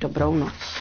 dobrou noc.